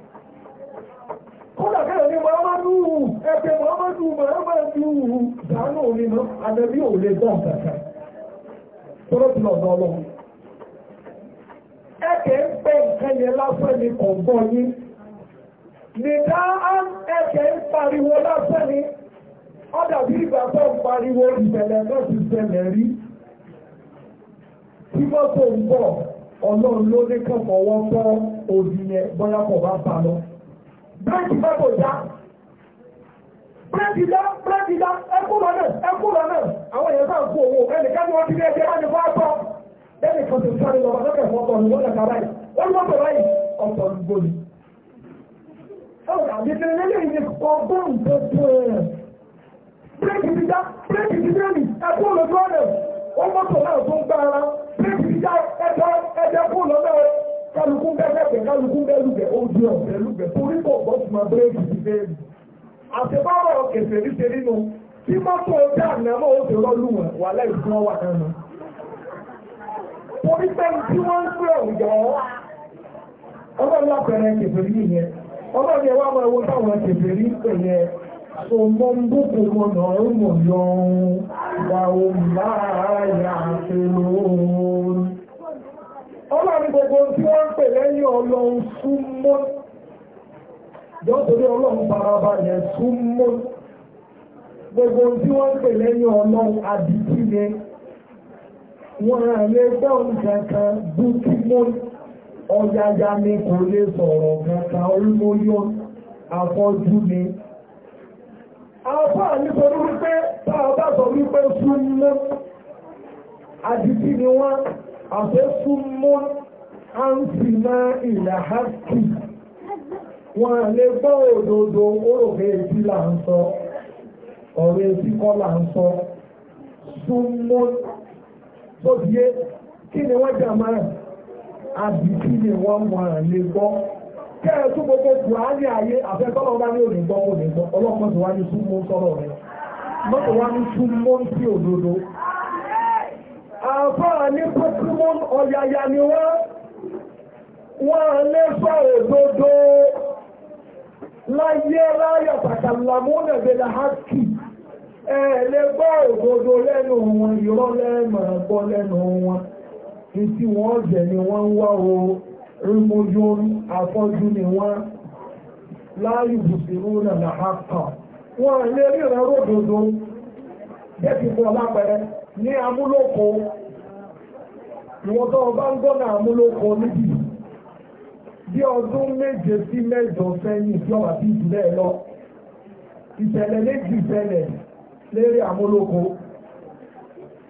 kódà kẹ́lẹ̀ ní Muhammadu ẹgbẹ́ Muhammadu Muhammadu dànù òní mọ́ àdàbí ò lè gbọ́n kàkà tọ́lọ́ ti lọ bọ́ lọ́wọ́ ẹ̀kẹ́ ń pẹ́ nǹkan yẹn lásán ni ọ̀gbọ́n yín nìdá ẹ̀kẹ́ ń pariwo lásán ni ọ̀dà bí ìgbà tó ń pariwo ìṣẹ̀lẹ̀ náà ti ṣẹlẹ̀ rí tí mọ́tò ń bọ̀ ọlọ́run ló ní kàn fọwọ́ fọ́ òdìyẹ bọ́yá kò bá pa lọ bírèkì mẹ́bò já bírèkì já bírèkì já ẹkú lọ náà ẹkú lọ náà àwọn èèyàn náà kú owó ẹnìkan ni wọ́n ti ní ẹgbẹ́ láti fọ́ àtọ́ ẹnì kan ti sáré lọ lọ́kẹ̀ fún ọkọ̀ ìwọ́n lẹ́ka báyìí wọ́n ní mọ́tò báyìí ọ̀tọ̀ ìgbò ni. Bírèkì ti já bírèkì ti dẹ́rì ẹkú lọ sọ́ọ̀dẹ̀ wọ́n mọ́tò náà tó ń gbára bírèkì ti já ẹjọ́ ẹjẹ́ kú lọ náà kálukú bẹ́ẹ̀kẹ́ kálukú bẹ́ẹ̀lùgbẹ̀ ojú ọ̀bẹ̀ lùgbẹ̀ torí kò ma bírèkì sí bẹ́ẹ̀lù. àtẹ̀bọ́rọ̀ ní nínú tí mọ́tò ọjà àmọ́ ó ti wọn wà láì fún ọwà náà. torí pé tí wọn ń máa táwọn ó máa ọlọ́run gbogbo tí wọ́n ń pè lẹ́yìn ọlọ́run súnmọ́ jọ́sọ̀rí ọlọ́run farabalẹ̀ súnmọ́ gbogbo tí wọ́n ń pè lẹ́yìn ọlọ́run àdìsí ni wọ́n rán lé gbọ́n kankan dúkìmọ́ ọ̀yáyá ni kò lè sọ̀rọ̀ kankan olúmọ́yọ́ afọ́jú ni àfáà nítorí wípé tá a bá sọ wípé súnmọ́ àdìsí ni wọ́n àfẹ́súnmọ́ áńsìnà ìlàhásì wọn lè gbọ́ òdodo orògbé etí là ń sọ ọ̀rọ̀ etí kọ́ là ń sọ súnmọ́ tó díé kí ni wọ́n jà máa àbí kí ni wọ́n mọ̀ lè gbọ́ kẹ́ẹ̀ tún gbogbo buhari ayé àfẹ́kọ́lọ́ bá ní òdìgbọ́ òdìgbọ́ ọlọ́pọ̀ wá ní súnmọ́ àfáà ní pokemon ọ̀yàyà ni wọ́n wọ́n lè sọ òdodo láyé láyà pàtàlàmú nàbẹ̀lá hákì ẹ̀ẹ́lẹ́ gbọ́ òdodo lẹ́nu wọn ìrọ́ lẹ́mọ̀ gbọ́ lẹ́nu wọn ní tí wọ́n jẹ́ ni wọ́n ń wá o rímojú afọ́jú ni wọ́n láyé bùsìrú nàbẹ̀lá hákà wọ́n lè ríran ródodo bẹ́ẹ̀ ti ní amúlòkó ìwọ́n ọba ń gbọ́nà amúlòkó níbi bí ọdún méje sí mẹ́jọ sẹ́yìn tí ọba bí jù bẹ́ẹ̀ lọ ìṣẹ̀lẹ̀ méjì ìṣẹ̀lẹ̀ lérí amúlòkó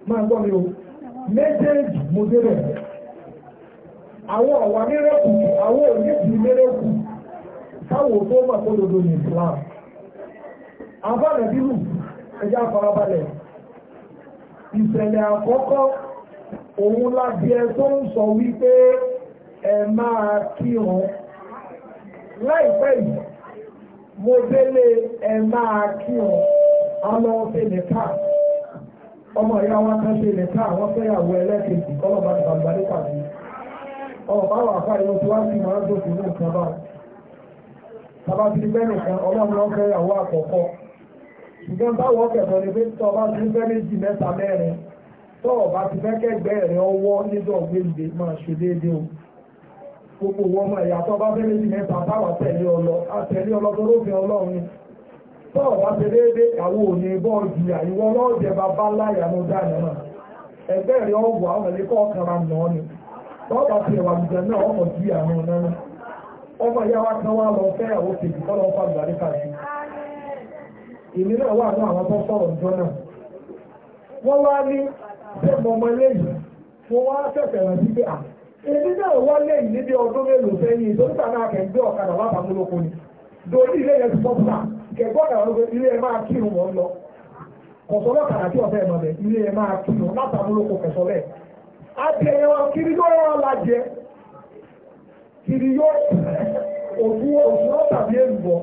máa gbọ́ mi o méjèèjì mo débẹ̀ àwọn ọ̀wà mẹ́rẹ́kù àwọn òyìnbí mẹ́rẹ́kù táwọn kó dodo ní Islam ìṣẹ̀lẹ̀ àkọ́kọ́ òun láti ẹ tó ń sọ wípé ẹ máa kírun láìpẹ́ yìí mo délé ẹ máa kírun àwọn ọ̀sẹ̀lẹ̀ ká ọmọ ìyá wa kan ṣe lè ká àwọn fẹ́yàwó ẹlẹ́kẹ̀ẹ́sì kọ́lọ̀ bá ti bàbá nípa sí ọ̀pá wà fáyọ̀ tí wá sí máa ń ní nǹkan tàbá ti gbẹ́nìkan ọlọ́run lọ́kẹ́yàwó àkọ́kọ́ ṣùgbọ́n báwọn kẹfọ́ ni pé tọ́ bá ti ń fẹ́ méjì mẹ́ta mẹ́rin tọ́ ọ̀bá ti fẹ́ kẹ́gbẹ́ rẹ̀ ọwọ́ níjọ́ gbèǹde máa ṣe déédéé o gbogbo wọn máa yàtọ̀ bá fẹ́ méjì mẹ́ta báwa tẹ̀lé ọlọ àtẹ̀lé ọlọ tó lófin ọlọ́run ni tọ́ ọ̀bá ti déédéé àwọn òní bọ́ọ̀dì àìwọ́ lọ́ọ̀dẹ̀ bàbá láyà ló dáná náà ẹgbẹ́ rẹ̀ ọ̀wọ̀ àwọn ẹ̀lẹ́kọ̀ ọ̀kara nà ọ́ ni tọ́ọ̀bá ti ẹ̀wà lùjẹ̀ náà ọmọ sí àwọn náà ọmọ ìyá wa kan wá lọ fẹ́ àwọn kejì kọ́ èmi náà wà ní àwọn tó ìjọ náà wọ́n wá ní mọ mo wá ṣẹ̀ṣẹ̀ rántí pé à èmi náà wá lẹ́yìn níbi ọdún mélòó ìdókítà náà ni dorí ilé yẹn ti pọ́pùlà kẹ̀gbọ́n náà wọ́n ilé ẹ máa kírun lọ tí ọ̀fẹ́ ilé ẹ máa kírun kẹ̀sọ́ bẹ́ẹ̀ wọn kiri yóò lajẹ kiri yóò èlùbọ̀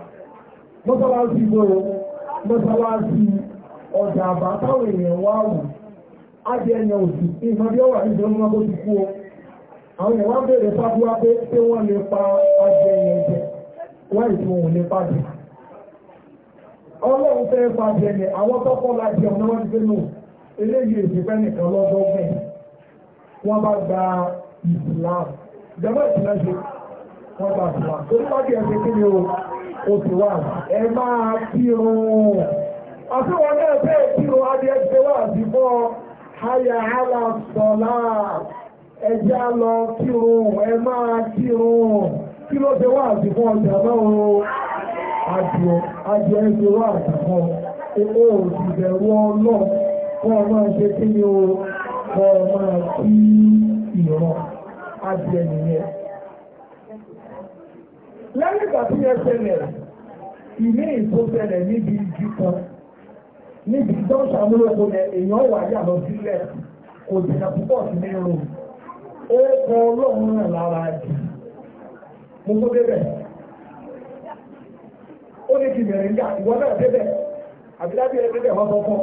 mọ́sálásí lọ́rọ̀ mọ́sálásí ọjà àbátáwọn èèyàn wá wù ájẹ́ ẹ̀yàn òsì ìmọ̀ bí ó wà ní ìjọba tó ti kú ọ àwọn èèyàn wá bèèrè fábúwá pé pé wọ́n lè pa ájẹ́ ẹ̀yàn jẹ wọ́n ètò òun lè pàdé ọlọ́run fẹ́ pàdé ẹ̀yẹ àwọn tọ́kọ́ la jẹ ọ̀nà wọn ti nù eléyìí èsì fẹ́ nìkan lọ́dọ́gbẹ̀ wọ́n bá gba ìsìlámù ìjọba ìsìlámù wọ́n gba ìsìlámù torí pàdé ẹ̀ oṣù wa ẹ máa kírun àti wọn náà bẹ́ẹ̀ kírun adìẹ ti wá àdìbọ́ hayà hàlà sọ̀lá ẹjá lọ kírun ẹ máa kírun kí ló ṣe wá àdìbọ́ ọjà náà o adìẹ adìẹ ti wá àdìbọ́ owó òṣìbẹ̀rù ọlọ́ọ̀ kọ́ ọ kí ni o lẹ́yìn ìgbà tí yẹn rẹ̀ ìmí ìtò níbi ìjì kan níbi tó ń èèyàn wà yà lọ sílẹ̀ kò púpọ̀ sí ní irun ó kọ ọlọ́run lára jù mo tó débẹ̀ ó ní kí ìwọ náà débẹ̀ débẹ̀ wọ́n hàn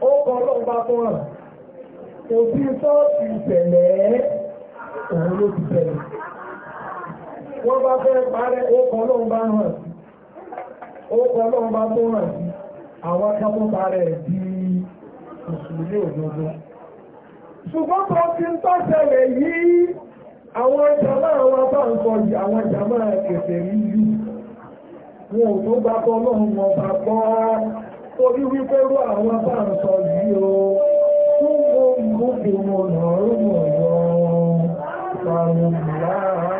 òun ló wọ́n bá fẹ́ parẹ́ ókan lóun bá hàn ókan lóun bá tó hàn àwọn akẹ́kọ̀ọ́ parẹ́ di òṣèlú òdodo ṣùgbọ́n tó ti ń tọ́sẹ̀lẹ̀ yìí àwọn jàmá àwọn abáǹkọ yìí àwọn jàmá kẹfẹ́ rí yù wọn ò bá gbọ́ torí yìí o tún mú ìlú bí wọn lọ́rùn ọ̀yọ́ pàrọ̀ láàá.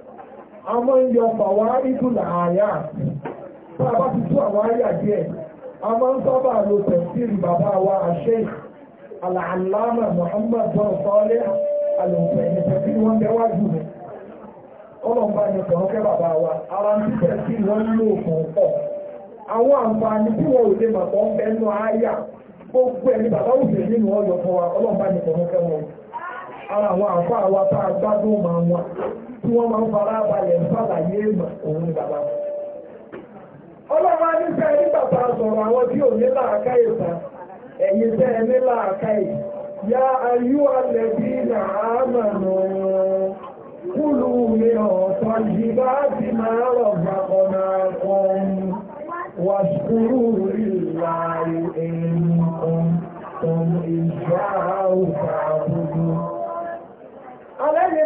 a máa ń yọ bàwá ìdùnnà àyà a bá ti tú àwọn àyà díẹ̀ a máa ń sábà lo bàbá wa àṣẹ àlàálámà Muhammad bọ́ọ̀ sọ́ọ́lẹ́ àlòkùn ẹ̀yìn tẹ̀síìrì wọ́n bẹ́ rẹ̀ ọlọ́mbà mba kọ̀ọ̀kẹ́ bàbá wa ara ń wọ́n lò fún àwọn àǹfààní tí wọ́n ò lè mọ̀ ń bàbá òṣèlú fún wa ọlọ́mbà ara àwọn àfá àwa tá a gbádùn wọn tí wọ́n máa ń fara balẹ̀ sàlàyé ìmọ̀ òun ni ọlọ́run á nífẹ̀ẹ́ sọ̀rọ̀ àwọn tí ò ní láàká ìta ya ayú alẹ́bí na ámà nù kúlù mi ọ̀tọ̀ yìí dị ti máa rọ̀ bá ìlà kan ìjọ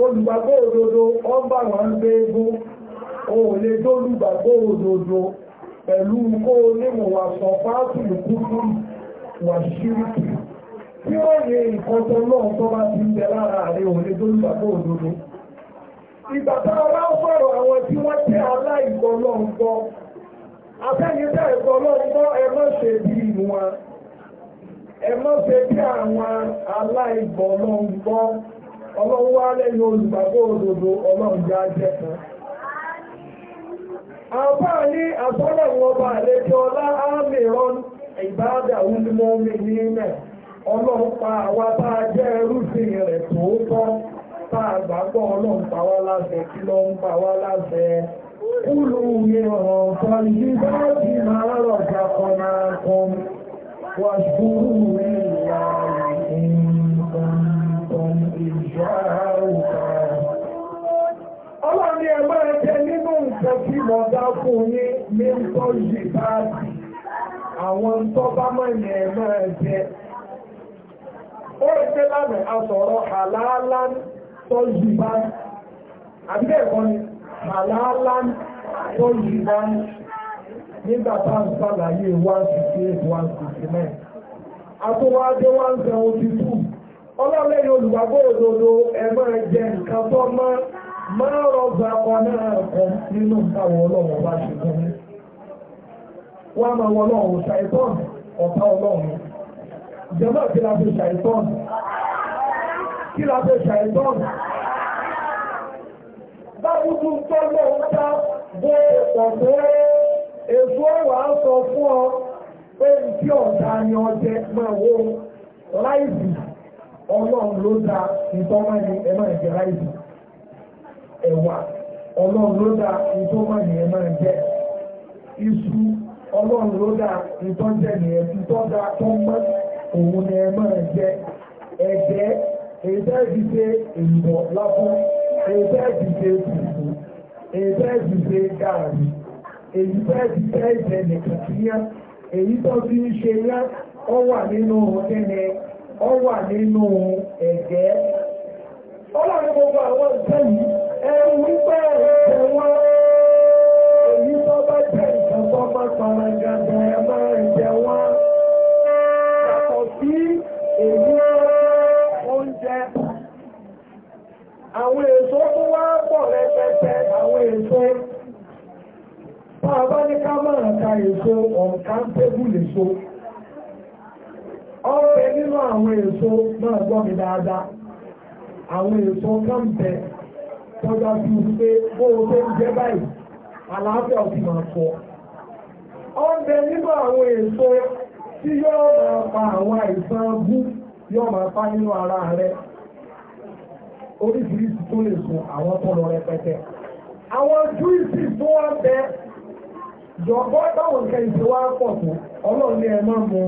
olùgbàgbọ́ òdodo ọba wọn ń gbé egún o lè tó olùgbàgbọ́ òdodo pẹ̀lú kó onímọ̀ wà sọ fáàtùlù kúrú wà ṣíríkì tí ó yẹ ìkọ́tọ̀ náà tó bá ti ń bẹ lára rẹ̀ òun lè tó olùgbàgbọ́ òdodo ìgbàtà ọlá ń sọ̀rọ̀ àwọn tí wọ́n jẹ́ aláìgbọ́ náà ń gbọ́ afẹ́yẹdẹ́ ẹ̀kọ́ náà náà ń gbọ́ ọlọ́run wá lẹ́yìn olùgbàgbọ́ òdodo ọlọ́run já àbá ní àtọ́lọ́run ọba àlejò ọlá àmìrán ìbáàdà ní mẹ́ ọlọ́run àwa tá a jẹ́ ẹrúsìn rẹ̀ tòótọ́ tá a gbàgbọ́ wá kí ń pa wá kúlù mi Ọlọ́run ni ẹgbẹ́ ẹgbẹ́ nínú nǹkan tí mo dá fún yín ní ń tọ́ yìí Àwọn tó bá mọ̀ ẹ̀mọ́ ẹ̀jẹ̀. Ó rí pé lánàá asọ̀rọ̀ tọ́ yìí ẹ̀kọ́ ni tọ́ yìí Nígbà tá ọlọ́lẹ́yìn olùgbàgbọ́ òdodo ẹ máa jẹ nǹkan tó mọ́ máa rọgbà kan náà kọ nínú táwọn ọlọ́run bá ṣe fún mi wọ́n á máa wọ ọlọ́run ṣàìtọ́n ọ̀tá ọlọ́run jẹ́mọ́ kí la fi ṣàìtọ́n kí la fi ṣàìtọ́n báwùjú tọ́lọ̀ ń ta bó ọ̀pọ̀ èso wà á sọ fún ọ pé tí ọ̀tá ni ọjẹ́ máa wó láìsí ọlọ́run ló dá ìtọ́mọ́ ni ẹ máa jẹ ráìsì ẹ̀wà ọlọ́run ló dá ìtọ́mọ́ ni ẹ máa jẹ iṣu ọlọ́run ló dá ìtọ́jẹ ni ẹ ìtọ́jẹ tọ́mọ́ òun ni ẹ máa jẹ ẹ̀jẹ̀ èdè ìdíje èlùbọ̀ lábọ́ èdè ìdíje tùtù èdè ìdíje gààrí èyí tó ìdíje nìkan kíyá èyí tó fi ń ṣe yá ọ wà nínú ẹni ọ wà nínú ẹ̀gẹ́ ọlọ́run gbogbo àwọn ìṣẹ́ yìí ẹ̀rù wípé ẹ̀rù wọn èyí tó bá jẹ́ ìṣẹ́kọ́ máa sọ̀rọ̀ ìjọba ẹ̀ máa ń jẹ wọn yàtọ̀ sí èyí oúnjẹ àwọn èso tó wá pọ̀ rẹpẹtẹ àwọn èso bá a bá ní ká máa ka èso ọ̀nkà tébùlù èso. ọ̀rẹ́ nínú àwọn èso náà gbọ́ mi dáadáa àwọn èso kan bẹ tọ́jà bí wípé bó o tó ń jẹ báyìí àlàáfíà ò ti máa pọ̀ ọ̀rẹ́ nínú àwọn èso tí yóò máa pa àwọn àìsàn bú yóò máa pa nínú ara rẹ oríṣiríṣi tó lè sùn àwọn tó lọ rẹpẹtẹ àwọn júìsì tó wá bẹ jọ̀bọ́ báwọn kẹ́ ìṣe wá pọ̀ tó ọlọ́run ẹ̀ ẹ má mu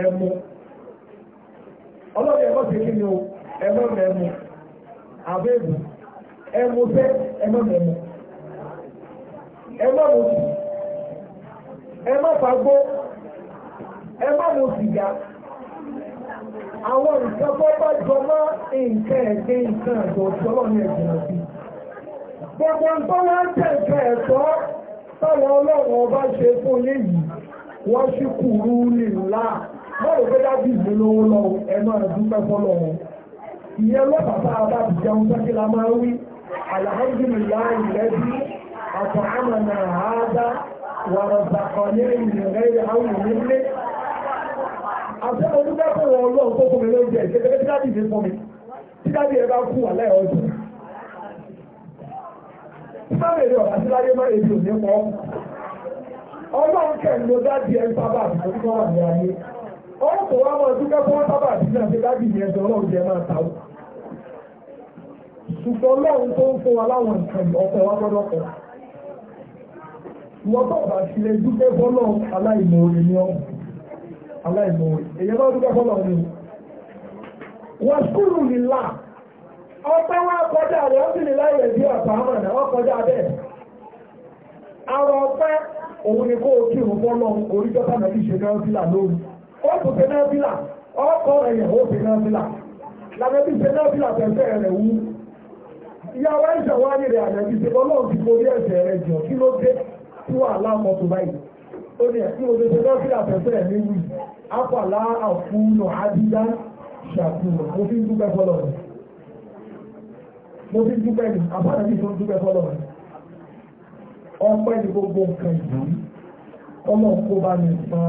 ẹ ọlọ́run ẹ̀mọ́ sí kí ni o ẹ̀mọ́ mẹ́mu àbẹ́bù ẹ̀mú fẹ́ ẹ̀mọ́ mẹ́mu ẹ̀mọ́ mu sí ẹ̀mọ́ fagbó ẹ̀mọ́ mu sìgá àwọn nǹkan tó bá jọ mọ́ nǹkan ẹ̀gbẹ́ nǹkan àjọ ìjọba ní ẹ̀jìnà sí gbogbo nǹkan wá ń tẹ̀ nǹkan ẹ̀tọ́ táwọn ọlọ́run ọba ṣe fún yín yìí wọ́n ṣì kúrú nílùú báwo gbé dájú ìlú lówó lọ́wọ́ ẹ máa dúpẹ́ fọ́lọ́ wọn ìyẹn lọ́pàá tá a bá ti jẹun sẹ́kí la máa ń wí alhamdulilayi lẹ́bí àtọ̀ àmàna àádá wàrọ̀sàkọ̀ ní ìrìnrìn àwọn ìrìnlẹ̀ àti àwọn onígbà tó ọlọ́run tó fún mi lóúnjẹ ìṣẹ́gbẹ́ bá kú wà lẹ́yìn ní ayé ọ̀rọ̀ tó wá mọ̀ dúkẹ́ fún wọn sábà sí náà ṣe dájú ìyẹn jọ ọlọ́run jẹ máa ta ó ṣùgbọ́n ọlọ́run tó ń fún wa láwọn nǹkan ọ̀pọ̀ wa gbọ́dọ̀ pọ̀ wọ́n bá bá tilẹ̀ dúkẹ́ fọ́lọ́ aláìmoore ni ọ́ aláìmoore èyí bá dúkẹ́ fọ́lọ́ ni wọ́n sùúrù nílà ọpẹ́ wọn kọjá rẹ̀ ó sì ní láyé bí ọ̀pá àmàlà wọ́n kọjá bẹ́ẹ̀ o kírun fọ́lọ́ orí jọ́ta nàbí ṣe ó tó ṣe náà bílà ọkọ rẹ̀ yẹ̀ ó ṣe náà bílà lànàbí ṣe náà bílà pẹ̀fẹ́ rẹ̀ wú ìyàwó ẹ̀ṣẹ̀ wá nílẹ̀ ànàbí ṣe ọlọ́run ti forí ẹ̀ṣẹ̀ rẹ̀ jọ kí ló dé tí wà láàmọ́ tó báyìí ó ní ẹ̀sìn oṣù ṣe náà bílà pẹ̀fẹ́ rẹ̀ níwì àpàlà àfúnù àdídá ṣàkùnà mo fi ń dúpẹ́ fọlọ́ mo fi ń dúpẹ́ ní àbánàbí tó ń dúpẹ́ fọlọ́ ọpẹ́ ni gbogbo nǹkan yìí ọlọ́run kó bá mi fún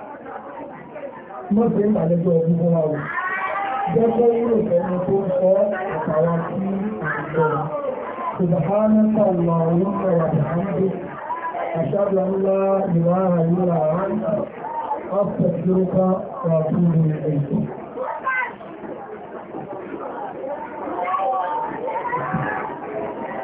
mọ́ sí ìpàdéjọ́ ọdún fún wa jẹ́kọ́ wúlò fẹ́ni tó ń sọ àtàwọn tí àjọ سبحانك اللهم وبحمدك أشهد أن لا إله إلا أنت أستغفرك وأتوب إليك